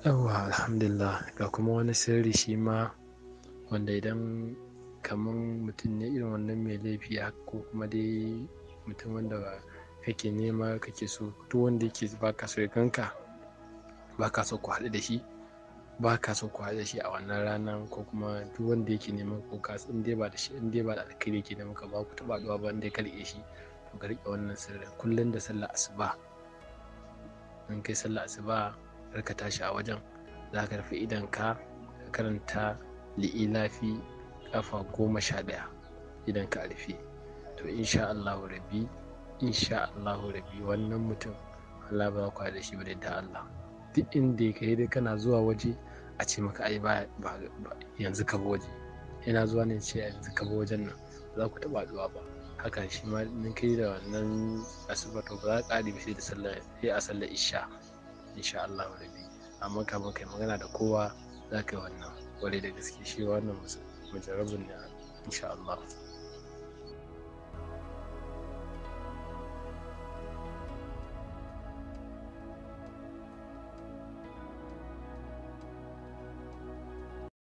yawwa alhamdulillah ga kuma wani sirri shi ma wanda idan kamar mutum ne irin wannan mai laifi ko kuma dai mutum wanda kake nema kake so duk wanda yake ba ka so ya Ba ka so ku haɗu da shi Ba ka so ku haɗu da shi a wannan ranar ko kuma duk wanda yake neman ko ka in dai ba da shi in dai ba da alkhairi yake neman ka ba ku taɓa haɗuwa ba in dai ka riƙe shi to ka riƙe wannan sirrin kullum da sallah asuba in kai sallah asuba kar ka tashi a wajen za ka rufe idan ka karanta li'ilafi kafa goma sha ɗaya idan ka rufe to insha Allahu rabbi insha Allahu rabbi wannan mutum Allah ba kwa da shi ba da Allah duk inda ya kai dai kana zuwa waje a ce maka ai ba yanzu ka waje yana zuwa ne ce yanzu ka wajen nan za ku taba zuwa ba haka shi ma kai da wannan asibar to ba za ka ƙari ba da sallar a sallar isha insha Allah rabi amma kafin kai magana da kowa za ka yi wannan wani da gaske shi wannan mujarrabin ne insha Allah